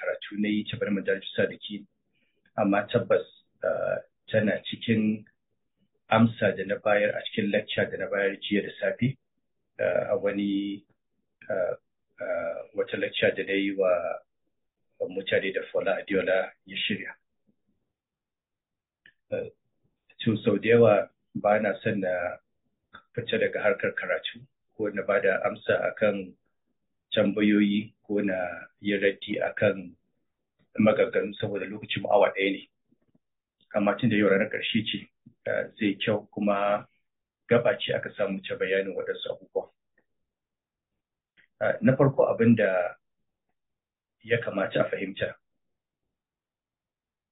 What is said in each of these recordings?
karatu na yi cebar majalisa da ke amma tabbas eh, tana cikin amsa da na bayar a cikin lacca da na bayar jiya da safe eh, a wani eh, wata lacca da na yi wa mutane da fola adiola ya shirya to sau da yawa ba na son na fita daga harkar karatu ko na ba da amsa akan tambayoyi ko na yi raddi a kan maganganu saboda lokacin awa ɗaya ne amma tun da yau ranar ƙarshe ce zai kyau kuma gaba ce aka samu ta bayanin waɗansu abubuwa na farko abin da ya kamata a fahimta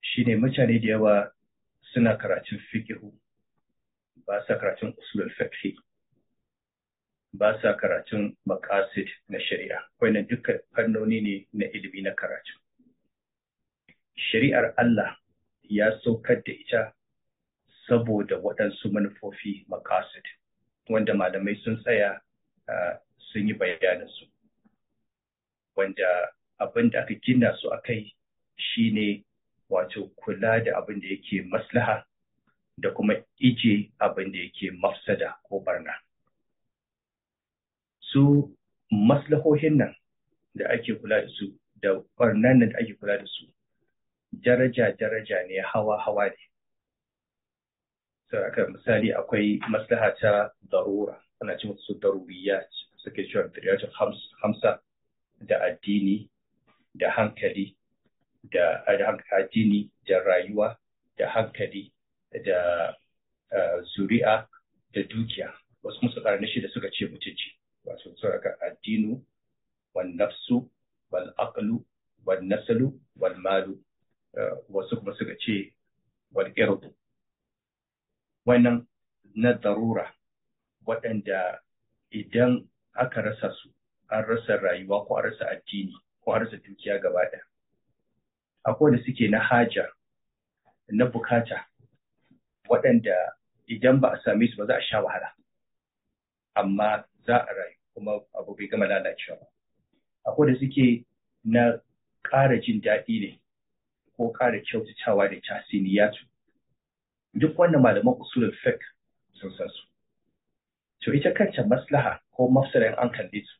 shine mutane da yawa suna karatun fikihu ba sa karatun usulul fiqh ba sa karatun makasid na shari'a wannan duka fannoni ne na ilimi na karatu shari'ar Allah ya saukar da ita saboda waɗansu manufofi makasid wanda malamai sun tsaya sun yi bayaninsu wanda abin da aka gina su a kai shi ne wato kula da abin da yake maslaha da kuma ije abin da yake mafsada ko barna su maslahohin nan da ake kula da su da ɓarnan nan da ake kula da su daraja-daraja ne hawa-hawa ne saboda misali akwai maslaha ta darura ana ce su daruriya suke cewa daruriyatun hamsa da addini da hankali da addini da rayuwa da hankali da eh, zuri'a da dukiya wasu musu na da suka ce mutunci wato su saraka addinu wal nafsu wal aqlu wal nasalu wal malu eh, wasu kuma suka ce wal irdu wannan na darura waɗanda idan aka rasa su an rasa rayuwa ko an rasa addini ko an rasa dukiya gaba ɗaya akwai da suke na haja na bukata waɗanda idan ba a same su ba za a sha wahala amma za a rayu kuma abu bai gama lalacewa ba akwai da suke na ƙara jin daɗi ne ko ƙara kyautatawa da tasiniyatu duk wannan malaman usulun fek sun san su to ita kanta maslaha ko mafsadan an kalle su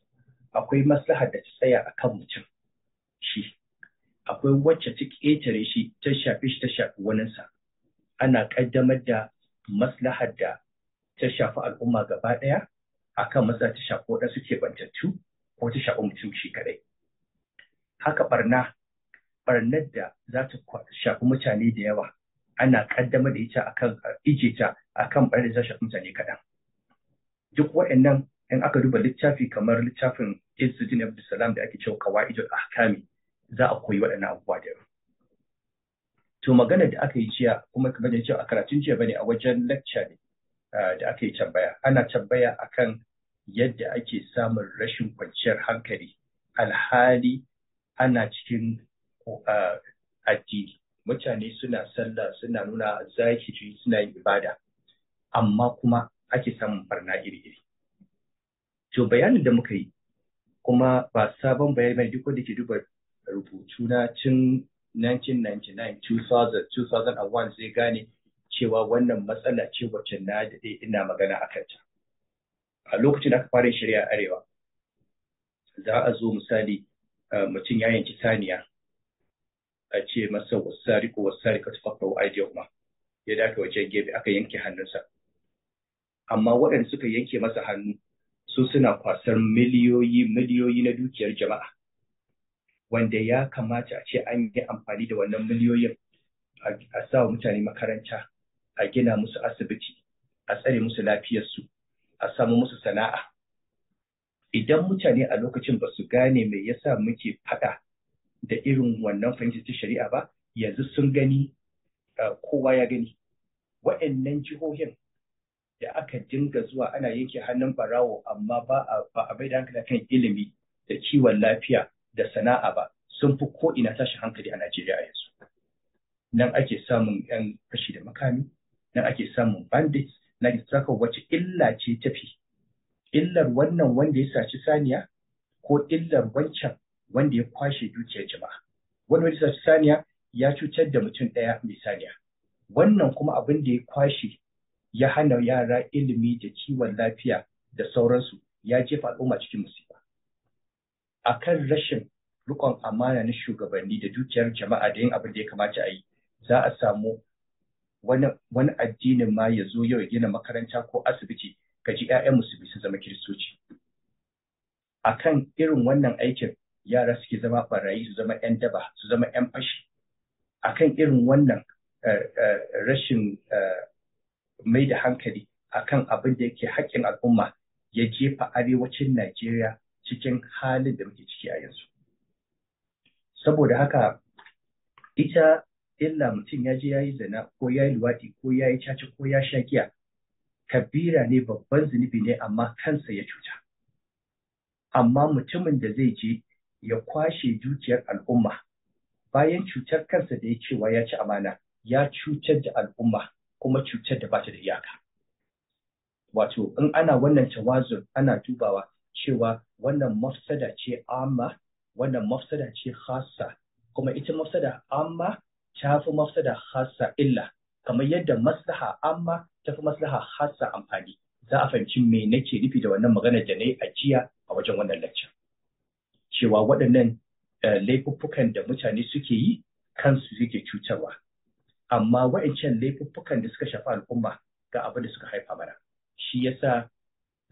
akwai maslaha da ta tsaya a kan mutum shi akwai wacce ta ƙetare shi ta shafi shi ta shafi waninsa ana ƙaddamar da maslahar da ta shafi al'umma gaba ɗaya akan maza ta shafi suke bantattu, ko ta shafi mutum shi kadai. Haka barna ɓarnar da za ta shafi mutane da yawa ana ƙaddamar da ita akan ije ta akan barin da za ta shafi mutane kaɗan. Duk waɗannan in aka duba littafi kamar littafin Izzuddin Abdulsalam da ake cewa Qawaidul Ahkami za a koyi waɗannan abubuwa da To magana da aka yi jiya kuma kamar da cewa a karatun jiya bane a wajen lecture ne da aka yi tambaya ana tambaya akan yadda ake samun rashin kwanciyar hankali alhali ana cikin addini mutane suna sallah suna nuna zahiri suna yin ibada amma kuma ake samun barna iri-iri to bayanin da muka yi kuma ba sabon bayani duk wanda ke duba rubutu na cin 1999 2000 2001 zai gane cewa wannan matsala ce wacce na daɗe ina magana a kanta. A lokacin da aka fara shirya arewa, za a zo misali eh, mutum ya yanki saniya a ce masa wasari ko wasari ka tufa kawo aidiyoma ya dace wajen gefe aka yanke hannunsa. Amma waɗanda suka yanke masa hannu su suna kwasar miliyoyi miliyoyi na dukiyar jama'a. Wanda ya kamata a ce an yi amfani da wannan miliyoyin a sa wa mutane makaranta a gina musu asibiti a tsare musu lafiyarsu a samu musu sana'a idan mutane a lokacin ba su gane me yasa muke faɗa da irin wannan fahimtar shari'a ba yanzu sun gani kowa ya gani wa'annan jihohin da aka dinga zuwa ana yanke hannun barawo amma ba a bai da hankali kan ilimi da kiwon lafiya da sana'a ba sun fi ko ina tashin hankali a Najeriya yanzu nan ake samun 'yan fashi da makami nan ake samun bandits na distraka wacce illa ce tafi illar wannan wanda ya saci saniya ko illar wancan wanda ya kwashe dukiyar jama'a wani wanda ya saci saniya ya cutar da mutum ɗaya mai saniya wannan kuma abin da ya kwashe ya hana yara ilimi da kiwon lafiya da sauransu ya jefa al'umma cikin musiba akan rashin rikon amana na shugabanni da dukiyar jama'a da yin abin da ya kamata a yi za a samu wani addinin ma ya zo yau ya gina makaranta ko asibiti ka ji 'ya'yan musulmi su zama kiristoci A kan irin wannan aikin yara suke zama barayi su zama 'yan daba su zama 'yan fashi A kan irin wannan eh, eh, rashin eh, mai da hankali akan abin da yake haƙƙin al'umma ya jefa arewacin Najeriya cikin halin da muke ciki a yanzu. Saboda haka ita illa mutum ya je ya yi zina ko ya yi luwaɗi ko ya yi caca ko ya sha giya kabira ne babban zunubi ne amma kansa ya cuta amma mutumin da zai je ya kwashe dukiyar al'umma bayan cutar kansa da ya cewa ya ci amana ya cutar da al'umma kuma cutar da bata da iyaka wato in ana wannan tawazun ana dubawa cewa wannan mafsada ce amma wannan mafsada ce hasa kuma ita mafsada amma ta fi mafsada hassa illa kamar yadda maslaha amma ta fi maslaha hassa amfani za a fahimci me nake nufi da wannan maganar da na yi a jiya a wajen wannan lecture cewa waɗannan eh, laifuffukan da mutane suke yi kansu suke cutarwa amma wa'ancan laifuffukan da suka shafi al'umma ga abin da suka haifa mana shi yasa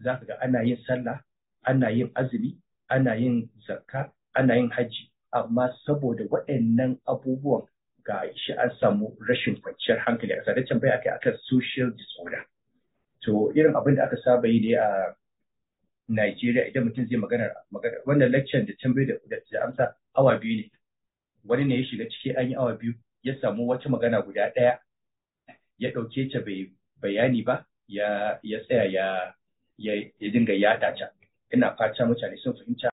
za ka ga ana yin sallah ana yin azumi ana yin zakka ana yin hajji amma saboda waɗannan abubuwan ga shi an samu rashin kwanciyar hankali a sadar tambaya akai akan social disorder to irin abin da aka saba yi ne a Najeriya idan mutum zai magana wannan lecture da tambayi da amsa awa biyu ne wani ne ya shiga ciki an yi awa biyu ya samu wata magana guda ɗaya ya ɗauke ta bai bayani ba ya tsaya ya ya dinga yaɗa ta ina fata mutane sun fahimta